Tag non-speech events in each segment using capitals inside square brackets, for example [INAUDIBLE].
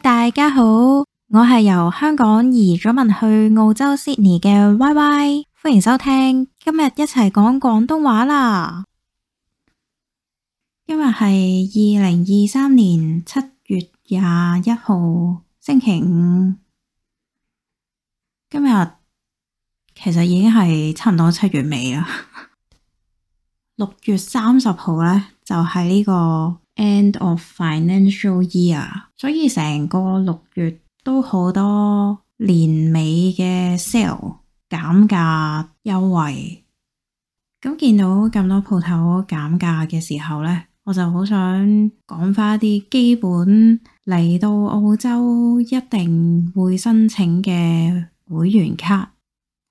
大家好，我係由香港移咗民去澳洲悉尼嘅 Y Y，歡迎收聽今日一齊講廣東話啦。今日係二零二三年七月廿一號星期五，今日其實已經係差唔多七月尾啦。六 [LAUGHS] 月三十號咧，就係呢個。End of financial year，所以成個六月都好多年尾嘅 sale 減價優惠。咁見到咁多鋪頭減價嘅時候呢，我就好想講返啲基本嚟到澳洲一定會申請嘅會員卡。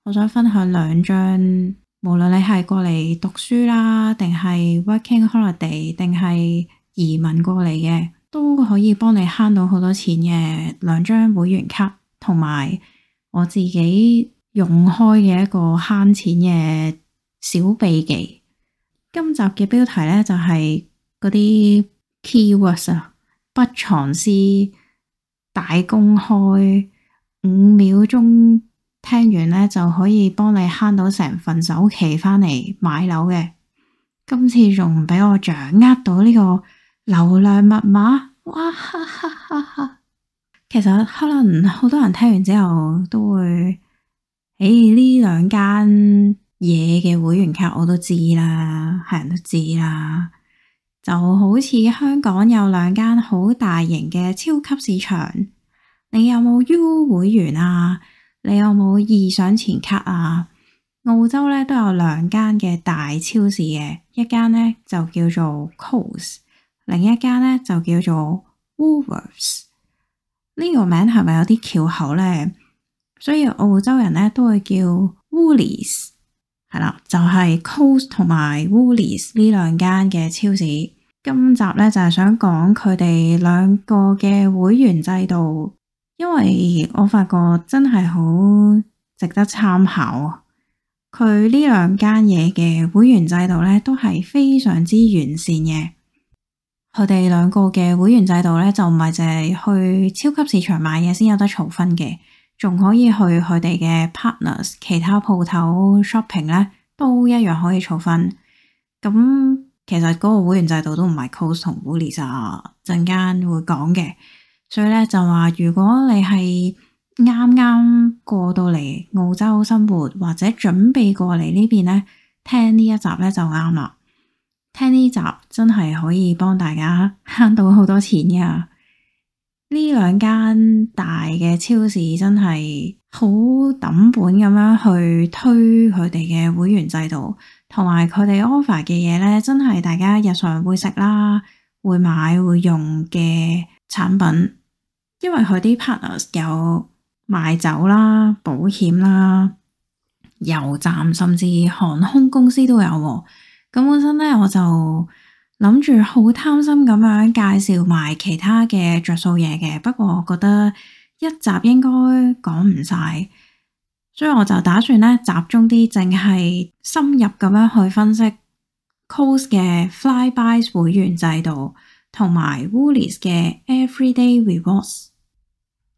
我想分享兩張，無論你係過嚟讀書啦，定係 working holiday，定係。移民過嚟嘅都可以幫你慳到好多錢嘅，兩張會員卡同埋我自己用開嘅一個慳錢嘅小秘技。今集嘅標題呢，就係嗰啲 keywords 啊，不藏私，大公開，五秒鐘聽完呢，就可以幫你慳到成份首期翻嚟買樓嘅。今次仲唔俾我掌握到呢個流量密碼，哇哈哈哈哈！其實可能好多人聽完之後都會，誒，呢兩間嘢嘅會員卡我都知啦，係人都知啦。就好似香港有兩間好大型嘅超級市場，你有冇 U 會員啊？你有冇易賞錢卡啊？澳洲咧都有兩間嘅大超市嘅，一間咧就叫做 Coles。另一間咧就叫做 Woolworths，呢個名係咪有啲翹口咧？所以澳洲人咧都會叫 Woolies，係啦，就係、是、Coles 同埋 Woolies 呢兩間嘅超市。今集咧就係、是、想講佢哋兩個嘅會員制度，因為我發覺真係好值得參考。佢呢兩間嘢嘅會員制度咧都係非常之完善嘅。佢哋兩個嘅會員制度咧，就唔係淨係去超級市場買嘢先有得儲分嘅，仲可以去佢哋嘅 partners 其他鋪頭 shopping 咧，都一樣可以儲分。咁其實嗰個會員制度都唔係 Coles 同 Woolies 啊，陣間會講嘅。所以咧就話，如果你係啱啱過到嚟澳洲生活，或者準備過嚟呢邊咧，聽呢一集咧就啱啦。聽呢集真係可以幫大家慳到好多錢呀。呢兩間大嘅超市真係好抌本咁樣去推佢哋嘅會員制度，同埋佢哋 offer 嘅嘢呢，真係大家日常會食啦、會買會用嘅產品，因為佢啲 partners 有賣酒啦、保險啦、油站，甚至航空公司都有喎。咁本身咧，我就諗住好貪心咁樣介紹埋其他嘅着數嘢嘅，不過我覺得一集應該講唔晒，所以我就打算咧集中啲，淨係深入咁樣去分析 Coles 嘅 Flybuys 會員制度，同埋 Woolies 嘅 Everyday Rewards。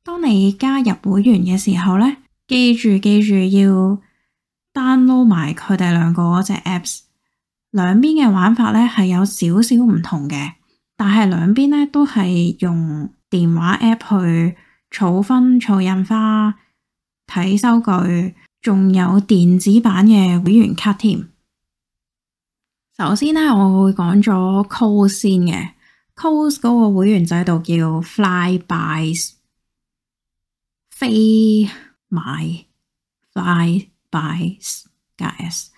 當你加入會員嘅時候咧，記住記住要 download 埋佢哋兩個嗰隻 apps。兩邊嘅玩法呢係有少少唔同嘅，但係兩邊呢都係用電話 app 去儲分、儲印花、睇收據，仲有電子版嘅會員卡添。首先呢，我會講咗 Coles 先嘅 Coles 嗰個會員制度叫 Flybuys，飛買 Flybuys 加 s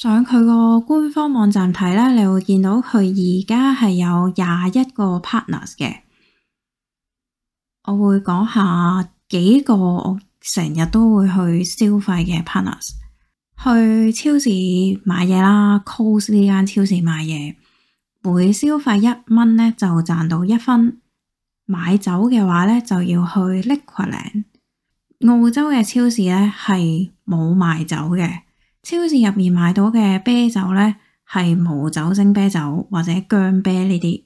上佢個官方網站睇咧，你會見到佢而家係有廿一個 partners 嘅。我會講下幾個成日都會去消費嘅 partners。去超市買嘢啦，Coles 呢間超市買嘢，每消費一蚊咧就賺到一分。買酒嘅話咧就要去 Liquorland。澳洲嘅超市咧係冇賣酒嘅。超市入面買到嘅啤酒呢，係無酒精啤酒或者薑啤呢啲。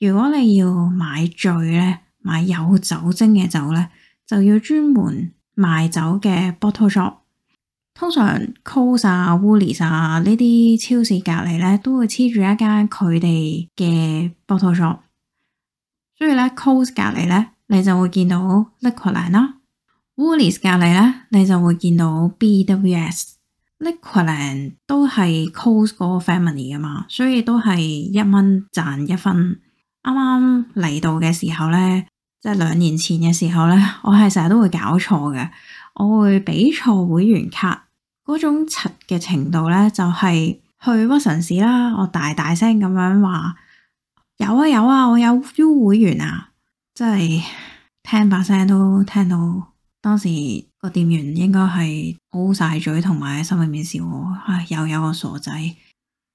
如果你要買醉呢，買有酒精嘅酒呢，就要專門賣酒嘅 bottle shop。通常 Coles 啊、Woolies 啊呢啲超市隔離呢，都會黐住一間佢哋嘅 bottle shop。所以呢，Coles 隔離呢，你就會見到 Liquorland 啦；Woolies 隔離呢，你就會見到 B W S。Liquorland 都係 Coles 嗰個 family 啊嘛，所以都係一蚊賺一分。啱啱嚟到嘅時候咧，即係兩年前嘅時候咧，我係成日都會搞錯嘅，我會俾錯會員卡嗰種柒嘅程度咧，就係、是、去屈臣氏啦，我大大聲咁樣話：有啊有啊，我有 U 會員啊！即係聽把聲都聽到，當時。店員應該係烏晒嘴，同埋心裏面笑我，唉又有個傻仔。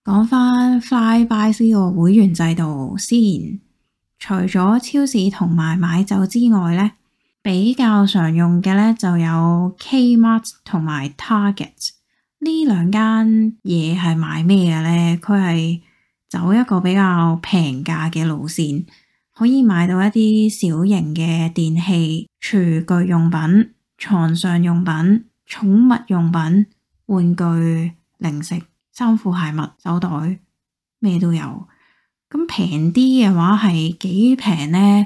講翻 Flybuys 個會員制度先，除咗超市同埋買酒之外呢，比較常用嘅呢就有 Kmart 同埋 Target 呢兩間嘢係賣咩嘅呢？佢係走一個比較平價嘅路線，可以買到一啲小型嘅電器、廚具用品。床上用品、寵物用品、玩具、零食、衫褲鞋襪、手袋，咩都有。咁平啲嘅話係幾平呢？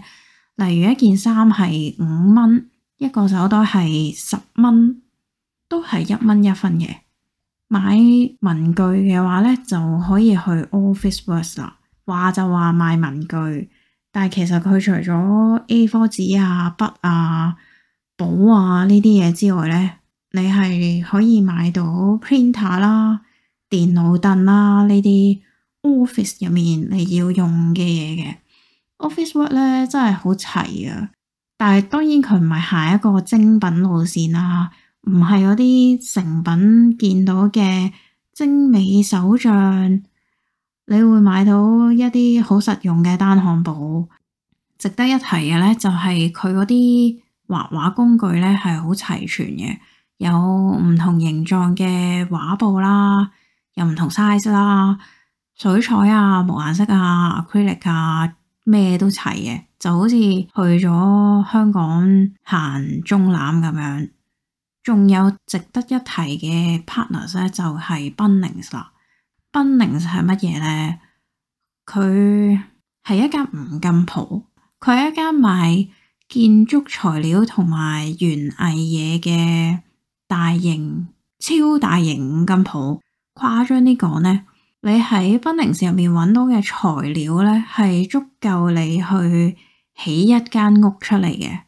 例如一件衫係五蚊，一個手袋係十蚊，都係一蚊一分嘅。買文具嘅話呢，就可以去 Officeworks 啦。話就話買文具，但係其實佢除咗 A4 紙啊、筆啊。保啊！呢啲嘢之外呢，你係可以買到 printer 啦、啊、電腦凳啦呢啲 office 入面你要用嘅嘢嘅。Officeworks 咧真係好齊啊！但係當然佢唔係走一個精品路線啊，唔係嗰啲成品見到嘅精美手帳。你會買到一啲好實用嘅單項保。值得一提嘅呢，就係佢嗰啲。畫畫工具咧，係好齊全嘅，有唔同形狀嘅畫布啦，又唔同 size 啦，水彩啊、木顏色啊、acrylic 啊，咩都齊嘅，就好似去咗香港行中覽咁樣。仲有值得一提嘅 partners 咧，就係 Bunnings 啦。Bunnings 係乜嘢咧？佢係一間五金舖，佢係一間賣。建築材料同埋園藝嘢嘅大型、超大型五金鋪，誇張啲講呢，你喺賓寧市入面揾到嘅材料呢，係足夠你去起一間屋出嚟嘅。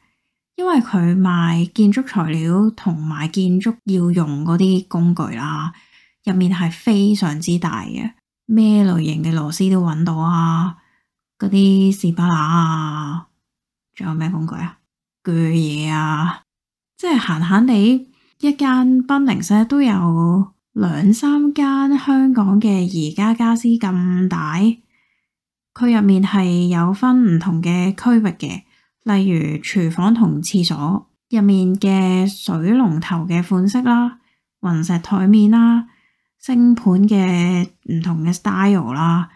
因為佢賣建築材料同埋建築要用嗰啲工具啦，入面係非常之大嘅，咩類型嘅螺絲都揾到啊，嗰啲士巴拿啊。仲有咩工具啊？鋸、那、嘢、個、啊，即係閒閒地一間賓寧咧，都有兩三間香港嘅宜家家私咁大。佢入面係有分唔同嘅區域嘅，例如廚房同廁所入面嘅水龍頭嘅款式啦、雲石台面啦、星盆嘅唔同嘅 style 啦，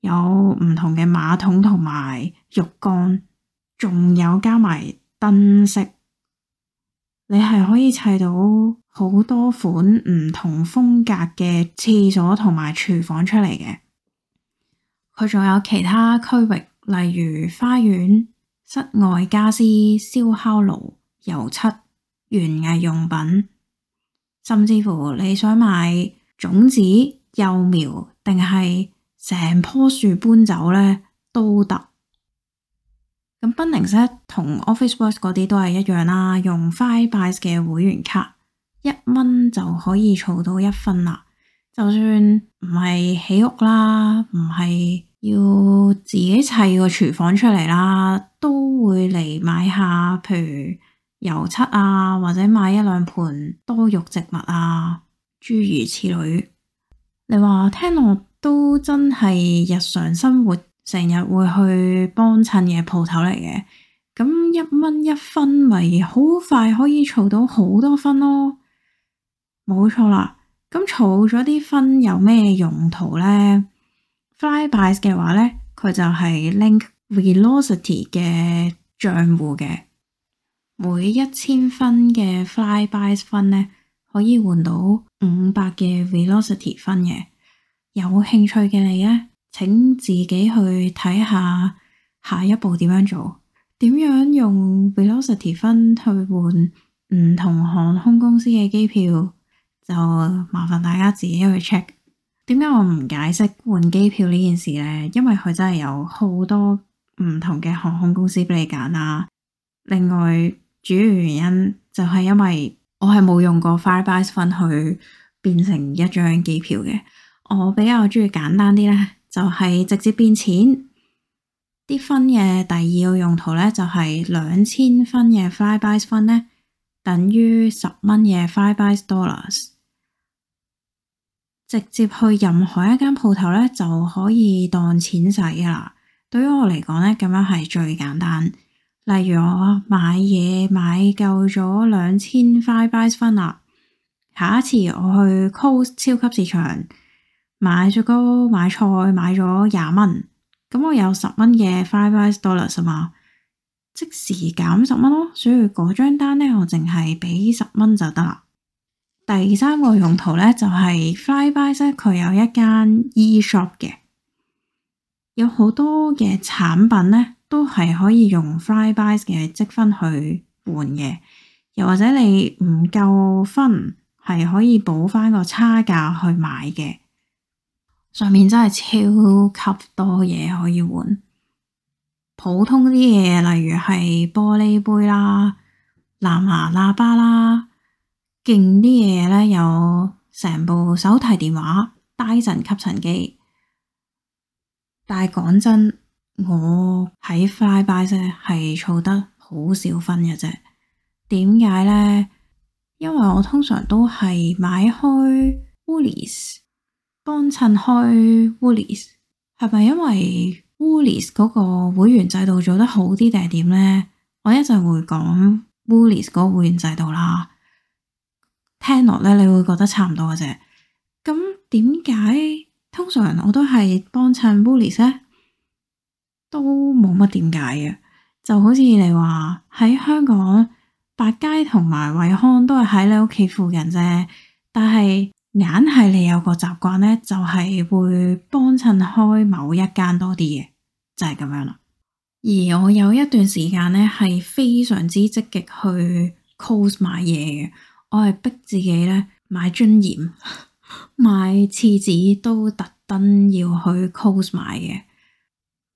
有唔同嘅馬桶同埋浴缸。仲有加埋燈飾，你係可以砌到好多款唔同風格嘅廁所同埋廚房出嚟嘅。佢仲有其他區域，例如花園、室外家私、燒烤爐、油漆、園藝用品，甚至乎你想買種子、幼苗，定係成棵樹搬走呢都得。咁 Bunnings 同 Office Works 嗰啲都係一樣啦，用 Flybuys 嘅會員卡一蚊就可以儲到一分啦。就算唔係起屋啦，唔係要自己砌個廚房出嚟啦，都會嚟買下，譬如油漆啊，或者買一兩盆多肉植物啊，諸如此類。你話聽落都真係日常生活。成日會去幫襯嘅鋪頭嚟嘅，咁一蚊一分咪好快可以儲到好多分咯，冇錯啦。咁儲咗啲分有咩用途咧？Flybuys 嘅話咧，佢就係 Link Velocity 嘅賬戶嘅，每一千分嘅 Flybuys 分咧，可以換到五百嘅 Velocity 分嘅。有興趣嘅你咧？請自己去睇下下一步點樣做，點樣用 Velocity 分去換唔同航空公司嘅機票，就麻煩大家自己去 check。點解我唔解釋換機票呢件事呢？因為佢真係有好多唔同嘅航空公司俾你揀啦。另外主要原因就係因為我係冇用過 Flybuys 分去變成一張機票嘅，我比較中意簡單啲咧。就係直接變錢，啲分嘅第二個用途咧，就係兩千分嘅 Flybuys 分咧，等於十蚊嘅 Flybuys dollars，直接去任何一間鋪頭咧就可以當錢使㗎喇！對於我嚟講咧，咁樣係最簡單。例如我買嘢買夠咗兩千 Flybuys 分啦，下一次我去 Coles 超級市場。買雪糕買菜買咗廿蚊，咁我有十蚊嘅 Flybuys Dollars 嘛，即時減十蚊咯，所以嗰張單咧我淨係俾十蚊就得啦。第三個用途咧就係 Flybuys，佢有一間 E Shop 嘅，有好多嘅產品咧都係可以用 Flybuys 嘅積分去換嘅，又或者你唔夠分係可以補翻個差價去買嘅。上面真係超級多嘢可以換，普通啲嘢例如係玻璃杯啦、藍牙喇叭啦，勁啲嘢咧有成部手提電話、Dyson 吸塵機。但係講真，我喺 Flybuys 啫係儲得好少分嘅啫，點解咧？因為我通常都係買開 Woolies。幫襯開 Woolies 係咪因為 Woolies 嗰個會員制度做得好啲定係點咧？我一陣會講 Woolies 嗰個會員制度啦，聽落咧你會覺得差唔多嘅啫。咁點解通常我都係幫襯 Woolies 咧？都冇乜點解嘅，就好似你話喺香港百佳同埋惠康都係喺你屋企附近啫，但係。硬係你有個習慣呢，就係會幫襯開某一間多啲嘢，就係咁樣啦。而我有一段時間呢，係非常之積極去 Coles 買嘢嘅，我係逼自己呢，買樽鹽、買廁紙都特登要去 Coles 買嘅，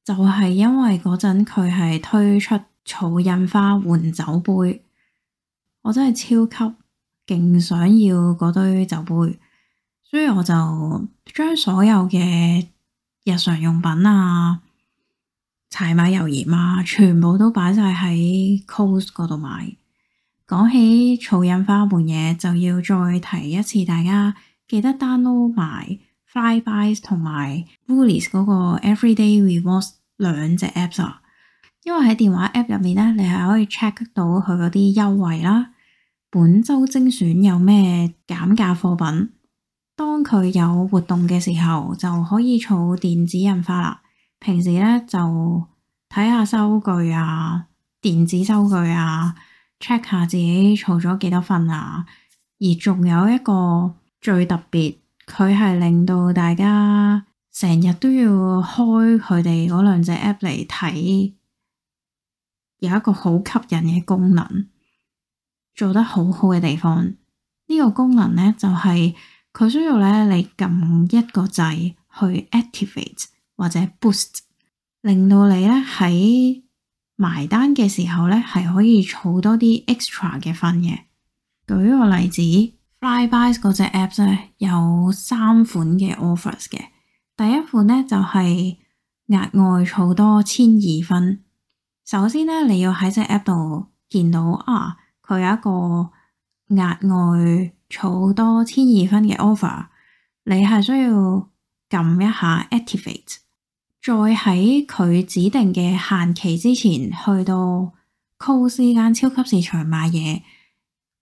就係因為嗰陣佢係推出草印花換酒杯，我真係超級勁想要嗰堆酒杯。所以我就將所有嘅日常用品啊、柴米油鹽啊，全部都擺晒喺 Coles 嗰度買。講起草印花盤嘢，就要再提一次，大家記得 download 埋 Flybuys 同埋 Woolies 嗰個 Everyday Rewards 兩隻 apps 啊！因為喺電話 app 入面咧，你係可以 check 到佢嗰啲優惠啦，本周精選有咩減價貨品。當佢有活動嘅時候，就可以儲電子印花啦。平時咧就睇下收據啊，電子收據啊，check 下自己儲咗幾多分啊。而仲有一個最特別，佢係令到大家成日都要開佢哋嗰兩隻 app 嚟睇，有一個好吸引嘅功能，做得好好嘅地方。呢個功能咧就係，佢需要咧，你撳一個掣去 activate 或者 boost，令到你咧喺埋單嘅時候咧，係可以儲多啲 extra 嘅分嘅。舉個例子，Flybuys 嗰隻 app 咧有三款嘅 offers 嘅，第一款咧就係、是、額外儲多千二分。首先咧，你要喺隻 app 度見到啊，佢有一個額外。儲多千二分嘅 offer，你係需要撳一下 activate，再喺佢指定嘅限期之前去到 Coles 間超級市場買嘢，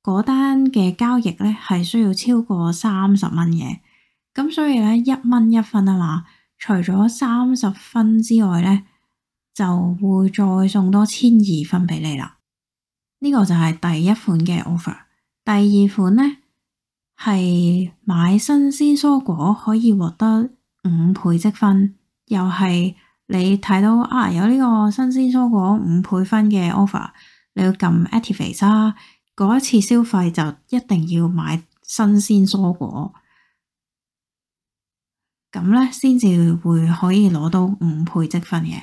嗰單嘅交易咧係需要超過三十蚊嘅，咁所以咧一蚊一分啊嘛，除咗三十分之外咧，就會再送多千二分俾你啦。呢、這個就係第一款嘅 offer，第二款咧。係買新鮮蔬果可以獲得五倍積分，又係你睇到啊有呢個新鮮蔬果五倍分嘅 offer，你要撳 activate，嗰一次消費就一定要買新鮮蔬果，咁咧先至會可以攞到五倍積分嘅。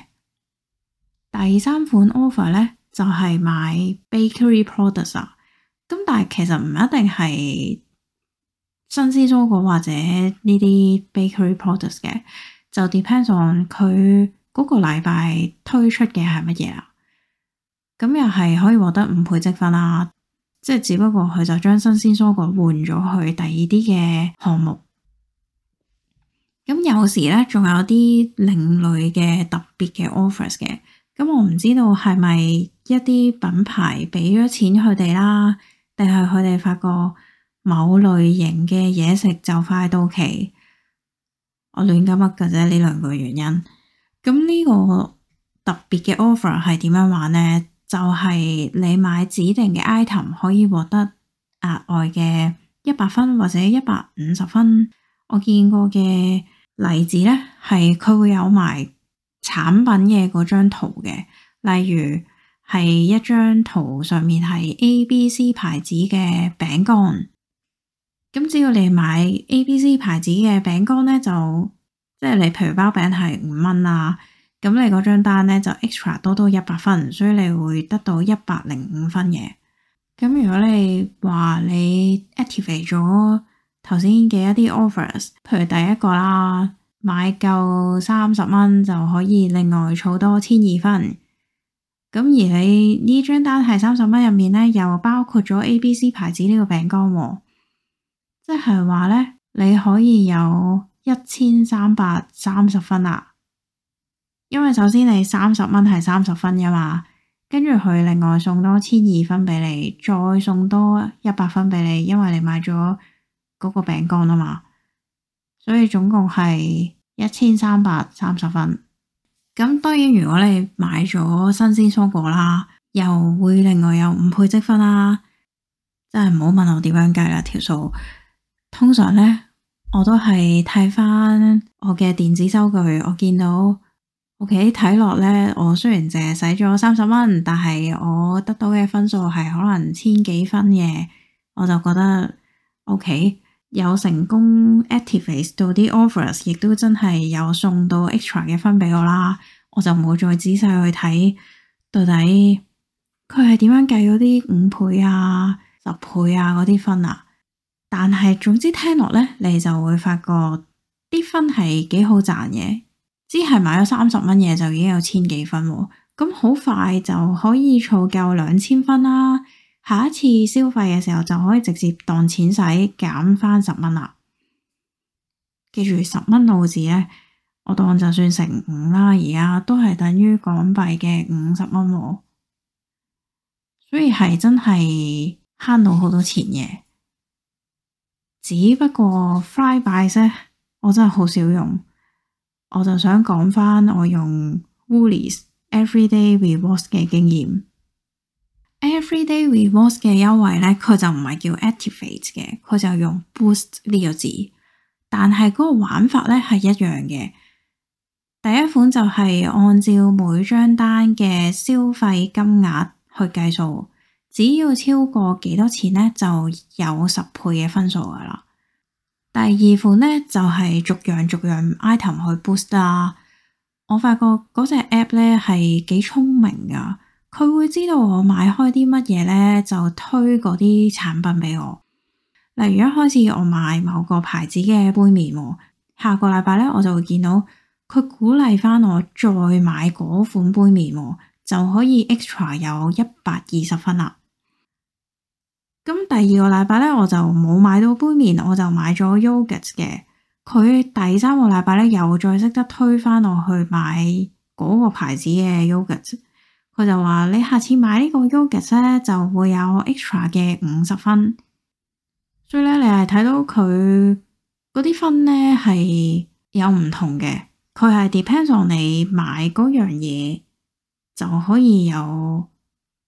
第三款 offer 咧就係、是、買 bakery products 啊，咁但係其實唔一定係。新鮮蔬果或者呢啲 bakery products 嘅，就 depends on 佢嗰個禮拜推出嘅係乜嘢啦。咁又係可以獲得五倍積分啦，即係只不過佢就將新鮮蔬果換咗去第二啲嘅項目。咁有時咧仲有啲另類嘅特別嘅 offers 嘅，咁我唔知道係咪一啲品牌俾咗錢佢哋啦，定係佢哋發覺。某類型嘅嘢食就快到期，我亂咁噏嘅啫，呢兩個原因。咁呢個特別嘅 offer 係點樣玩呢？就係你買指定嘅 item 可以獲得額外嘅一百分或者一百五十分。我見過嘅例子呢，係佢會有埋產品嘅嗰張圖嘅，例如係一張圖上面係 A、B、C 牌子嘅餅乾。咁只要你買 A、B、C 牌子嘅餅乾呢，就即係你，譬如包餅係五蚊啦。咁你嗰張單呢，就 extra 多多一百分，所以你會得到一百零五分嘅。咁如果你話你 activate 咗頭先嘅一啲 offers，譬如第一個啦，買夠三十蚊就可以另外儲多千二分。咁而你呢張單係三十蚊入面呢，又包括咗 A、B、C 牌子呢個餅乾喎。即係話呢，你可以有一千三百三十分啊，因為首先你三十蚊係三十分啊嘛，跟住，佢另外送多千二分俾你，再送多一百分俾你，因為你買咗嗰個餅乾啊嘛，所以總共係一千三百三十分。咁當然，如果你買咗新鮮蔬果啦，又會另外有五倍積分啦，真係唔好問我點樣計啦條數。通常咧，我都係睇翻我嘅電子收據，我見到 O.K. 睇落咧，我雖然淨係使咗三十蚊，但係我得到嘅分數係可能千幾分嘅，我就覺得 O.K. 有成功 activate 到啲 offers，亦都真係有送到 extra 嘅分俾我啦，我就冇再仔細去睇到底佢係點樣計嗰啲五倍啊、十倍啊嗰啲分啊。但係總之聽落咧，你就會發覺啲分係幾好賺嘅，只係買咗三十蚊嘢，就已經有千幾分，咁好快就可以湊夠兩千分啦。下一次消費嘅時候就可以直接當錢使，減返十蚊啦。記住十蚊澳紙咧，我當就算乘五啦，而家都係等於港幣嘅五十蚊，所以係真係慳到好多錢嘅。只不過 Flybuys 咧我真係好少用，我就想講返我用 Woolies Everyday Rewards 嘅經驗。Everyday Rewards 嘅優惠咧，佢就唔係叫 activate 嘅，佢就用 boost 呢個字，但係嗰個玩法咧係一樣嘅。第一款就係按照每張單嘅消費金額去計數。只要超過幾多錢咧，就有十倍嘅分數噶啦。第二款咧就係逐樣逐樣 item 去 boost 啦。我發覺嗰隻 app 咧係幾聰明噶，佢會知道我買開啲乜嘢咧，就推嗰啲產品俾我。例如一開始我買某個牌子嘅杯麵，下個禮拜咧我就會見到佢鼓勵翻我再買嗰款杯麵，就可以 extra 有一百二十分啦。咁第二個禮拜咧，我就冇買到杯麵，我就買咗 yogurt 嘅。佢第三個禮拜咧，又再識得推翻我去買嗰個牌子嘅 yogurt。佢就話你下次買呢個 yogurt 咧，就會有 extra 嘅五十分。所以咧，你係睇到佢嗰啲分咧係有唔同嘅。佢係 depends on 你買嗰樣嘢就可以有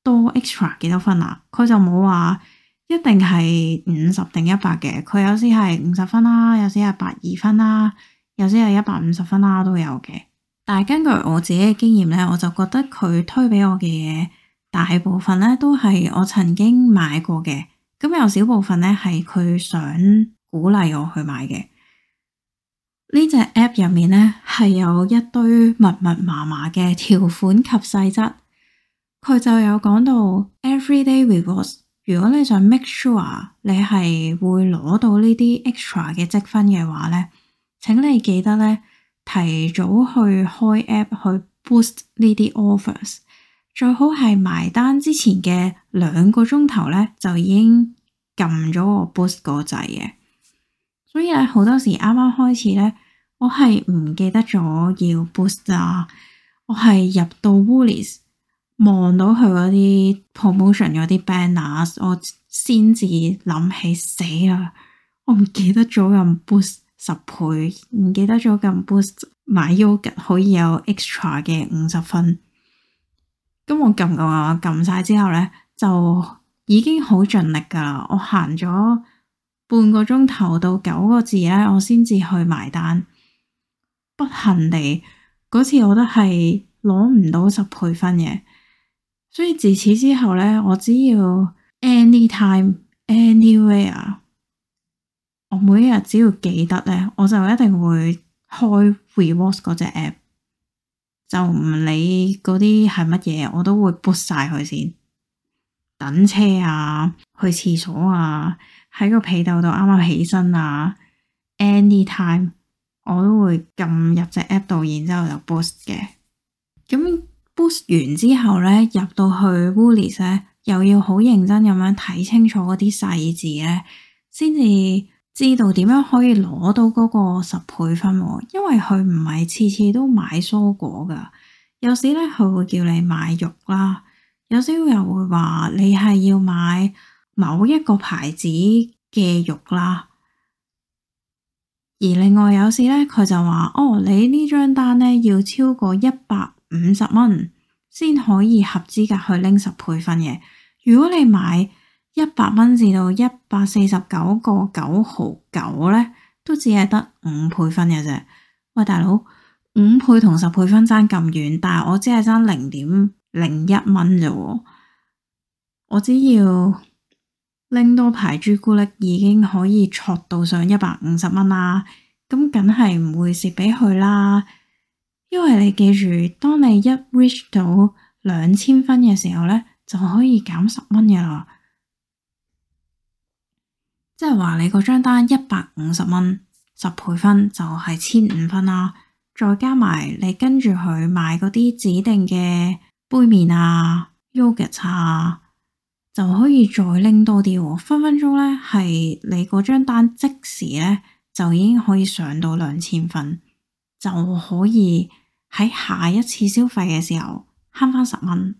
多 extra 幾多分啦。佢就冇話，一定係五十定一百嘅，佢有時係五十分啦，有時係八二分啦，有時係一百五十分啦，都有嘅。但係根據我自己嘅經驗咧，我就覺得佢推俾我嘅嘢，大部分咧都係我曾經買過嘅，咁有少部分咧係佢想鼓勵我去買嘅。呢隻 app 入面咧係有一堆密密麻麻嘅條款及細則，佢就有講到 everyday rewards 如果你想 make sure 你係會攞到呢啲 extra 嘅積分嘅話咧，請你記得咧提早去開 app 去 boost 呢啲 offers，最好係埋單之前嘅兩個鐘頭咧就已經撳咗我 boost 個掣嘅。所以咧好多時啱啱開始咧，我係唔記得咗要 boost 啊，我係入到 Woolies。望到佢嗰啲 promotion 嗰啲 banners，我先至諗起死喇！我唔記得咗咁 boost 十倍，唔記得咗咁 boost 買 yogurt 可以有 extra 嘅五十分。咁我撳㗎話撳晒之後咧，就已經好盡力噶啦。我行咗半個鐘頭到九個字咧，我先至去埋單。不幸地，嗰次我都係攞唔到十倍分嘅。所以自此之後咧，我只要 anytime anywhere，我每一日只要記得咧，我就一定會開 Rewards 嗰隻 app，就唔理嗰啲係乜嘢，我都會 boost 晒佢先。等車啊，去廁所啊，喺個被竇度啱啱起身啊，anytime，我都會撳入隻 app 度，然之後就 boost 嘅。咁。p u s h 完之後咧，入到去 w u l i e s 咧，又要好認真咁樣睇清楚嗰啲細字咧，先至知道點樣可以攞到嗰個十倍分。因為佢唔係次次都買蔬果噶，有時咧佢會叫你買肉啦，有時又會話你係要買某一個牌子嘅肉啦。而另外有時咧，佢就話：哦，你呢張單咧要超過一百五十蚊先可以合資格去拎十倍分嘅。如果你買一百蚊至到一百四十九個九毫九咧，都只係得五倍分嘅啫。喂，大佬，五倍同十倍分爭咁遠，但係我只係爭零點零一蚊啫。我只要拎多排朱古力，已經可以戳到上一百五十蚊啦。咁梗係唔會蝕俾佢啦。因為你記住，當你一 reach 到兩千分嘅時候咧，就可以減十蚊嘅啦。即係話你嗰張單一百五十蚊，十倍分就係千五分啦。再加埋你跟住佢買嗰啲指定嘅杯麵啊、yogurt 啊，就可以再拎多啲。分分鐘咧係你嗰張單即時咧就已經可以上到兩千分，就可以。喺下一次消費嘅時候慳翻十蚊，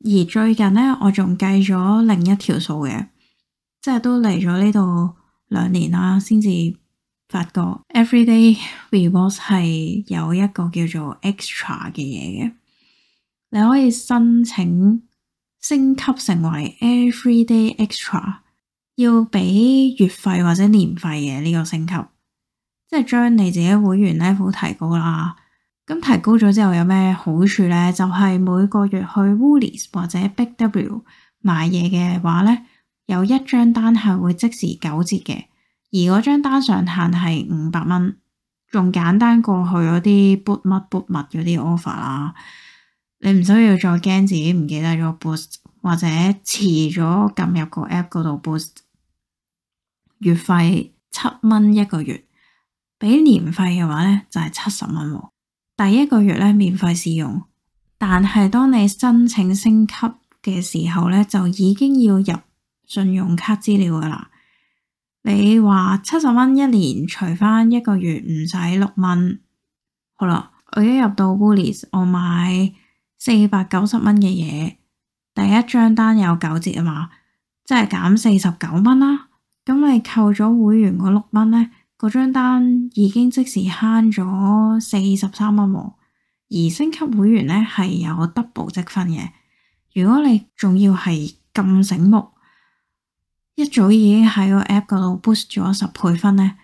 而最近呢，我仲計咗另一條數嘅，即係都嚟咗呢度兩年啦，先至發覺 Everyday Rewards 係有一個叫做 Extra 嘅嘢嘅，你可以申請升級成為 Everyday Extra，要俾月費或者年費嘅呢個升級，即係將你自己會員 level 提高啦。咁提高咗之後有咩好處咧？就係、是、每個月去 Woolies 或者 Big W 買嘢嘅話咧，有一張單係會即時九折嘅，而嗰張單上限係五百蚊，仲簡單過去嗰啲 boost 乜 boost 乜嗰啲 offer 啦。你唔需要再驚自己唔記得咗 boost，或者遲咗撳入個 app 度 boost。月費七蚊一個月，俾年費嘅話咧就係七十蚊。第一個月咧免費試用，但係當你申請升級嘅時候咧，就已經要入信用卡資料噶啦。你話七十蚊一年除翻一個月唔使六蚊，好啦，我一入到 Woolies 我買四百九十蚊嘅嘢，第一張單有九折啊嘛，即係減四十九蚊啦。咁你扣咗會員嗰六蚊咧？嗰張單已經即時慳咗四十三蚊喎，而升級會員咧係有 double 積分嘅。如果你仲要係咁醒目，一早已經喺個 app 嗰度 boost 咗十倍分咧，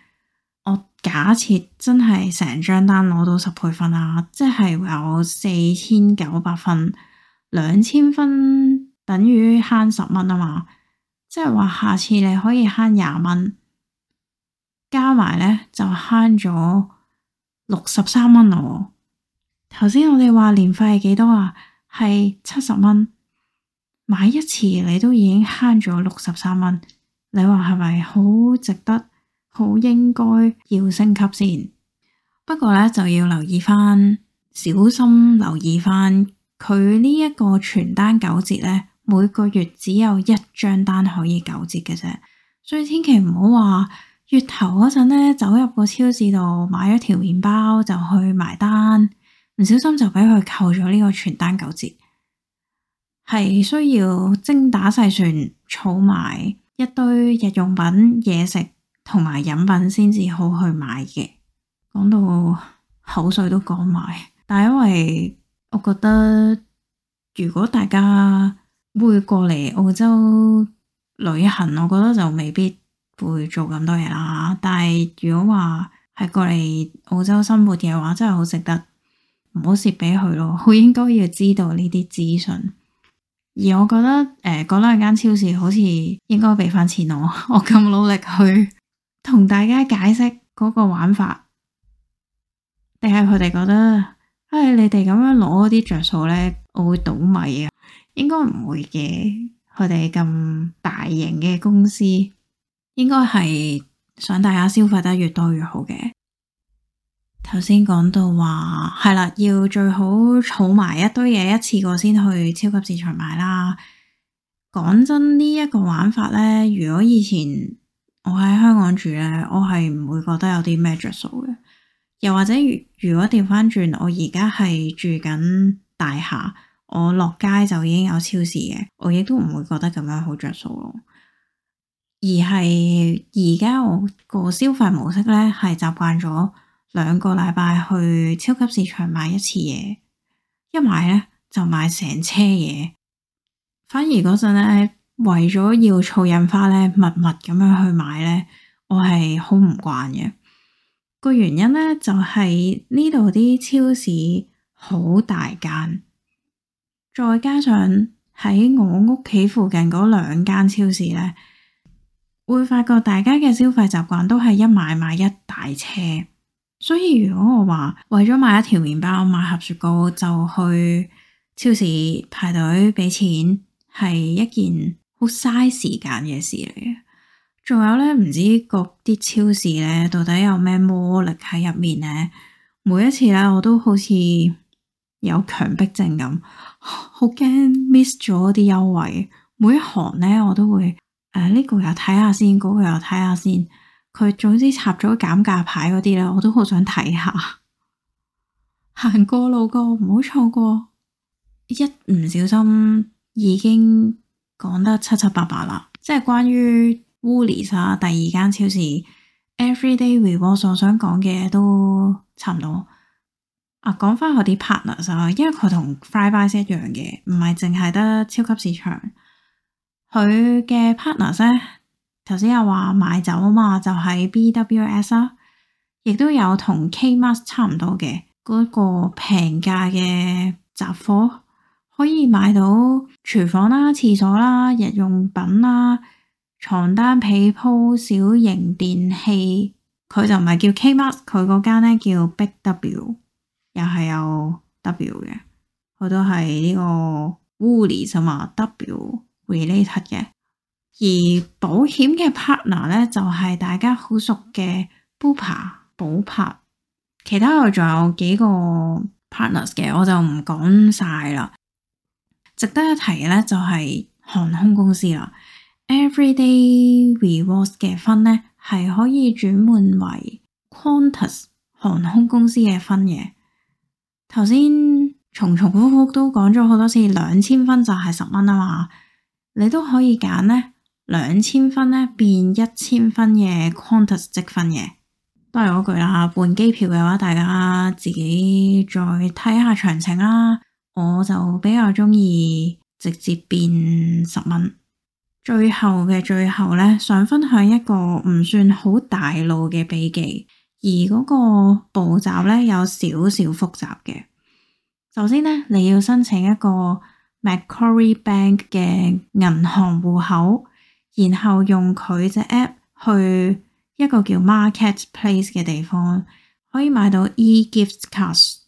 我假設真係成張單攞到十倍分啊，即係有四千九百分，兩千分等於慳十蚊啊嘛，即係話下次你可以慳廿蚊。加埋咧就慳咗六十三蚊咯。頭先我哋話年費係幾多啊？係七十蚊。買一次，你都已經慳咗六十三蚊。你話係咪好值得？好應該要升級先？不過咧就要留意翻，小心留意翻佢呢一個全單九折咧，每個月只有一張單可以九折嘅啫，所以千祈唔好話。月頭嗰陣咧，走入個超市度買一條麵包就去埋單，唔小心就俾佢扣咗呢個全單九折，係需要精打細算，儲埋一堆日用品、嘢食、同埋飲品先至好去買嘅。講到口水都講埋，但係因為我覺得如果大家會過嚟澳洲旅行，我覺得就未必會做咁多嘢啦，但係如果話係過嚟澳洲生活嘅話，真係好值得唔好蝕俾佢咯。佢應該要知道呢啲資訊，而我覺得誒，嗰呃兩間超市好似應該俾翻錢我。我咁努力去同大家解釋嗰個玩法，定係佢哋覺得誒，哎，你哋咁樣攞啲着數咧，我會倒米啊？應該唔會嘅。佢哋咁大型嘅公司。應該係想大家消費得越多越好嘅。頭先講到話係啦，要最好儲埋一堆嘢，一次過先去超級市場買啦。講真，呢一個玩法呢，如果以前我喺香港住呢，我係唔會覺得有啲咩着數嘅。又或者如，如果調翻轉，我而家係住緊大廈，我落街就已經有超市嘅，我亦都唔會覺得咁樣好着數咯。而係而家我個消費模式呢，係習慣咗兩個禮拜去超級市場買一次嘢，一買呢，就買成車嘢。反而嗰陣呢，為咗要儲印花呢，密密咁樣去買呢，我係好唔慣嘅。個原因呢，就係呢度啲超市好大間，再加上喺我屋企附近嗰兩間超市呢，會發覺大家嘅消費習慣都係一買買一大車，所以如果我話為咗買一條麵包，我買盒雪糕就去超市排隊俾錢，係一件好嘥時間嘅事嚟嘅。仲有呢，唔知各啲超市呢，到底有咩魔力喺入面呢？每一次呢，我都好似有強迫症咁，好驚 miss 咗啲優惠，每一行呢，我都會。誒，呢、啊，這個又睇下先，嗰、那個又睇下先。佢總之插咗減價牌嗰啲啦，我都好想睇下。行過路過，唔好錯過。一唔小心已經講得七七八八啦。即係關於 Woolies 啊，第二間超市 Everyday Rewards 所想講嘅都差唔多。啊，講翻我啲 partners 啊，因為佢同 Fly Buys 一樣嘅，唔係淨係得超級市場。佢嘅 partners 頭先又話買酒啊嘛，就喺、是、BWS 啊，亦都有同 Kmart 差唔多嘅嗰、那個平價嘅雜貨，可以買到廚房啦、啊、廁所啦、啊、日用品啦、啊、床單被鋪、小型電器。佢就唔係叫 Kmart，佢嗰間咧叫 Big W，又係有 W 嘅，佢都係呢個 Woolies 啊嘛，W。related 嘅，而保險嘅 partner 咧就係、是、大家好熟嘅 Bupa 保柏，其他又仲有幾個 partners 嘅，我就唔講晒啦。值得一提嘅咧，就係航空公司啦，Everyday Rewards 嘅分咧係可以轉換為 Qantas 航空公司嘅分嘅。頭先重重複複都講咗好多次，兩千分就係十蚊啊嘛～你都可以揀呢兩千分咧變一千分嘅 Qantas 積分嘅，都係嗰句啦。換機票嘅話，大家自己再睇下詳情啦。我就比較中意直接變十蚊。最後嘅最後咧，想分享一個唔算好大路嘅秘技，而嗰個步驟咧有少少複雜嘅。首先咧，你要申請一個。Macquarie Bank 嘅銀行戶口，然後用佢隻 App 去一個叫 Marketplace 嘅地方，可以買到 e gift cards。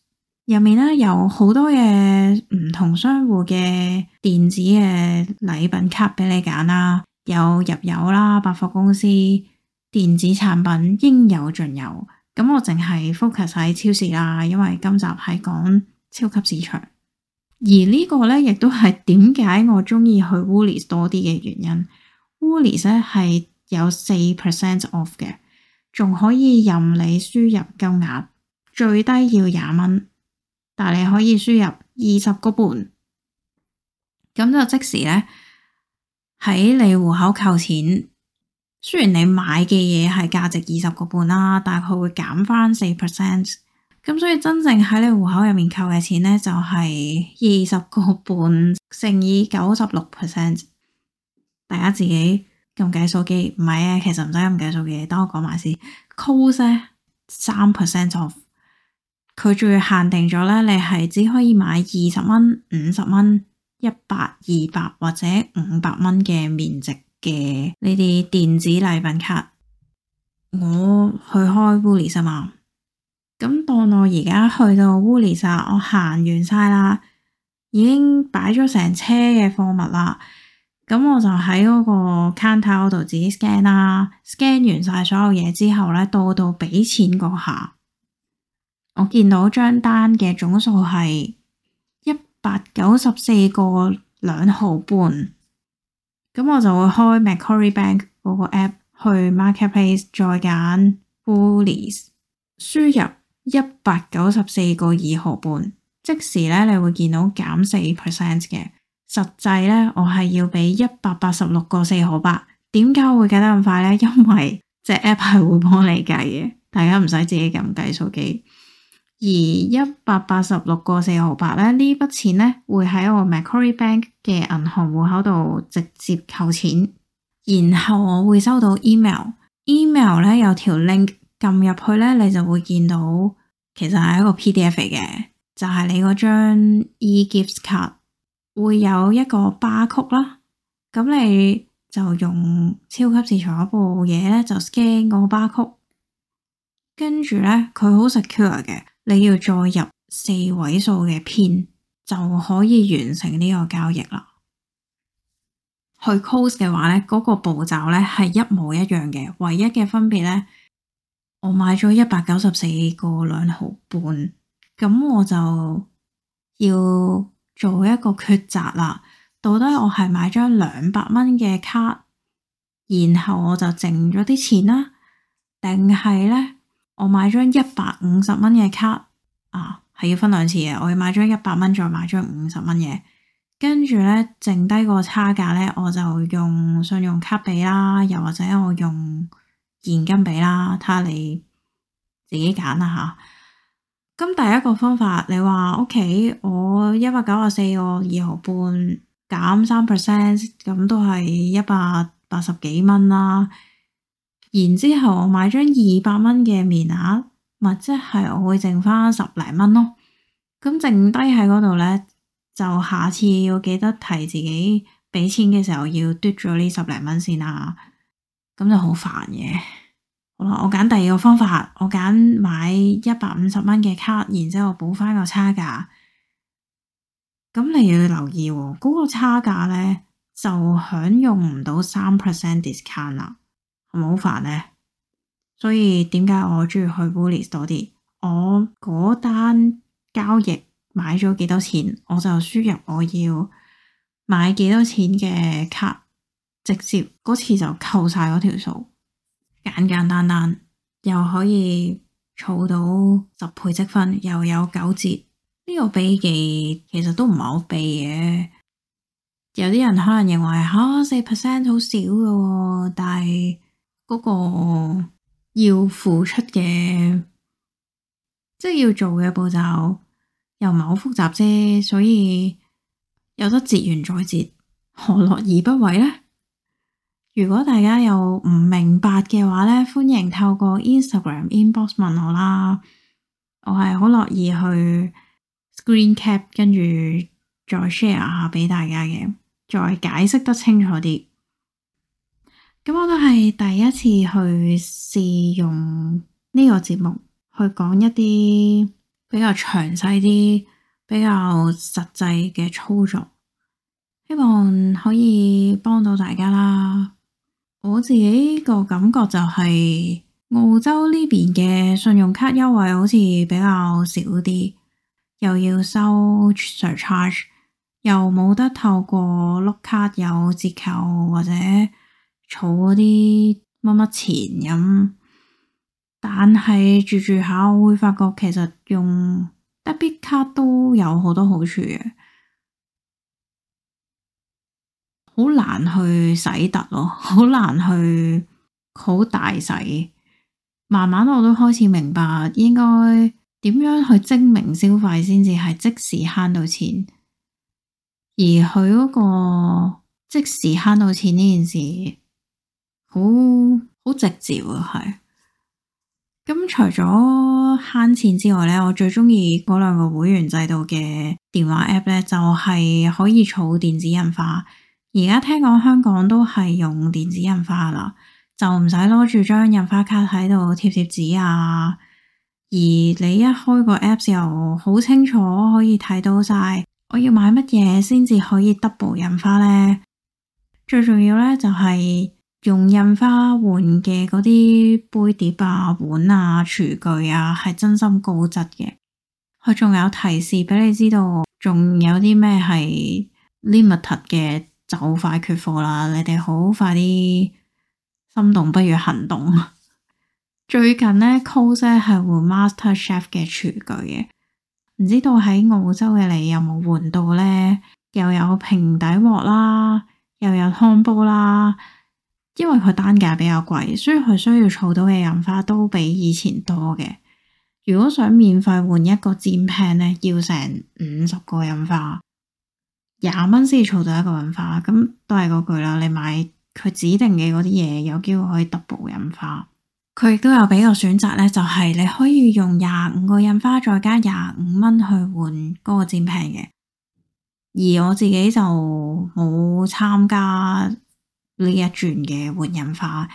入面咧有好多嘅唔同商戶嘅電子嘅禮品卡俾你揀啦，有入油啦、百貨公司、電子產品應有盡有。咁我淨係 focus 喺超市啦，因為今集係講超級市場。而呢個呢，亦都係點解我鍾意去 Woolies 多啲嘅原因。Woolies 呢係有四 percent off 嘅，仲可以任你輸入金額，最低要廿蚊，但係你可以輸入二十個半，咁就即時呢，喺你戶口扣錢。雖然你買嘅嘢係價值二十個半啦，但係佢會減返四 percent。咁所以真正喺你戶口入面扣嘅錢咧，就係二十個半乘以九十六 percent。大家自己撳計數機，唔係啊，其實唔使咁計數嘅。等我講埋先，扣曬三 percent off，佢仲要限定咗咧，你係只可以買二十蚊、五十蚊、一百、二百或者五百蚊嘅面值嘅呢啲電子禮品卡。我去開 Woolies 啊嘛～咁到我而家去到 Woolies，我行完晒啦，已經擺咗成車嘅貨物啦。咁我就喺嗰個 counter 嗰度自己 scan 啦，scan 完晒所有嘢之後咧，到到俾錢嗰下，我見到張單嘅總數係一百九十四個兩毫半。咁我就會開 Macquarie Bank 嗰個 app 去 Marketplace 再揀 Woolies，輸入。一百九十四個二毫半，即時咧，你會見到減四 percent 嘅。實際咧，我係要俾一百八十六個四毫八。點解會計得咁快咧？因為隻 app 係會幫你計嘅，大家唔使自己撳計數機。而一百八十六個四毫八咧，呢筆錢咧會喺我 Macquarie Bank 嘅銀行戶口度直接扣錢，然後我會收到 email em。email 咧有條 link。撳入去咧，你就會見到其實係一個 PDF 嚟嘅，就係、是、你嗰張 eGift 卡會有一個 barcode 啦。咁你就用超級市場嗰部嘢咧，就 scan 嗰個 barcode。跟住咧佢好 secure 嘅，你要再入四位數嘅 PIN 就可以完成呢個交易啦。去 close 嘅話咧，嗰、那個步驟咧係一模一樣嘅，唯一嘅分別咧。我買咗一百九十四個兩毫半，咁我就要做一個抉擇啦。到底我係買張兩百蚊嘅卡，然後我就剩咗啲錢啦，定係呢？我買張一百五十蚊嘅卡啊？係要分兩次嘅，我要買張一百蚊，再買張五十蚊嘅，跟住呢，剩低個差價呢，我就用信用卡俾啦，又或者我用。現金俾啦，睇下你自己揀啦吓。咁第一個方法，你話 OK 我一百九十四，我二毫半減三 percent，咁都係一百八十幾蚊啦。然之後我買張二百蚊嘅面額，咪即係我會剩翻十零蚊咯。咁剩低喺嗰度咧，就下次要記得提自己俾錢嘅時候要嘟咗呢十零蚊先啦！咁就煩好煩嘅，好啦，我揀第二個方法，我揀買一百五十蚊嘅卡，然之後補翻個差價。咁你要留意、哦，嗰、嗰個差價咧就享用唔到三 percent discount 啦，係咪好煩咧？所以點解我中意去 Woolies 多啲？我嗰單交易買咗幾多錢，我就輸入我要買幾多錢嘅卡。直接嗰次就扣晒嗰條數，簡簡單單又可以儲到十倍積分，又有九折，呢、這個秘技其實都唔係好避嘅。有啲人可能認為吓四 percent 好少噶，哦，但係嗰個要付出嘅，即、就、係、是、要做嘅步驟又唔係好複雜啫，所以有得折完再折，何樂而不為呢？如果大家有唔明白嘅話咧，歡迎透過 Instagram inbox 問我啦。我係好樂意去 screen cap，跟住再 share 下俾大家嘅，再解釋得清楚啲。咁我都係第一次去試用呢個節目，去講一啲比較詳細啲、比較實際嘅操作，希望可以幫到大家啦。我自己個感覺就係澳洲呢邊嘅信用卡優惠好似比較少啲，又要收 surcharge，又冇得透過碌卡有折扣或者儲嗰啲乜乜錢咁。但係住住下我會發覺其實用 debit 卡都有好多好處嘅。好難去洗特咯，好難去好大使。慢慢我都開始明白，應該點樣去精明消費先至係即時慳到錢。而佢嗰個即時慳到錢呢件事，好好直接啊！係。咁除咗慳錢之外呢，我最中意嗰兩個會員制度嘅電話 app 呢，就係可以儲電子印花。而家聽講香港都係用電子印花啦，就唔使攞住張印花卡喺度貼貼紙啊。而你一開個 app 之後，好清楚可以睇到晒我要買乜嘢先至可以 double 印花呢？最重要呢，就係用印花換嘅嗰啲杯碟啊、碗啊、廚具啊，係真心高質嘅。佢仲有提示俾你知道，仲有啲咩係 limit 嘅。就快缺貨啦！你哋好快啲心動不如行動。 [LAUGHS] 最近呢 Coles 係換 Master Chef 嘅廚具嘅，唔知道喺澳洲嘅你有冇換到呢？又有平底鑊啦，又有湯煲啦。因為佢單價比較貴，所以佢需要儲到嘅印花都比以前多嘅。如果想免費換一個煎 pan 呢，要成五十個印花。廿蚊先至儲到一個印花，咁都係嗰句啦。你買佢指定嘅嗰啲嘢，有機會可以 double 印花。佢亦都有比較選擇咧，就係你可以用廿五個印花再加廿五蚊去換嗰個占平嘅。而我自己就冇參加呢一轉嘅換印花，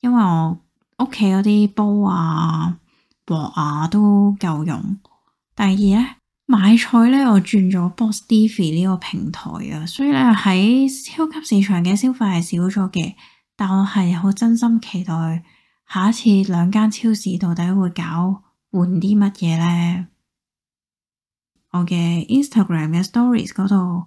因為我屋企嗰啲煲啊鑊啊都夠用。第二咧。買菜咧，我轉咗 Box Divvy 呢個平台啊，所以咧喺超級市場嘅消費係少咗嘅，但我係好真心期待下一次兩間超市到底會搞換啲乜嘢咧。我嘅 Instagram 嘅 Stories 嗰度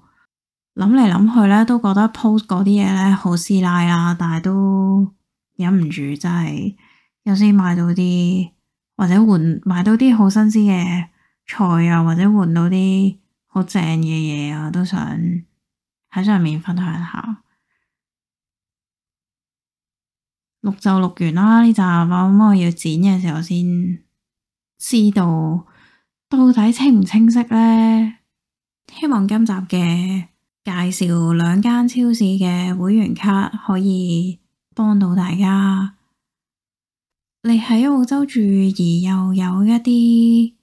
諗嚟諗去咧，都覺得 post 嗰啲嘢咧好師奶啊，但係都忍唔住，真係有先買到啲或者換買到啲好新鮮嘅菜啊，或者換到啲好正嘅嘢啊，都想喺上面分享下。錄就錄完啦，呢集，我諗、啊、我要剪嘅時候先知道到底清唔清晰咧。希望今集嘅介紹兩間超市嘅會員卡，可以幫到大家。你喺澳洲住而又有一啲。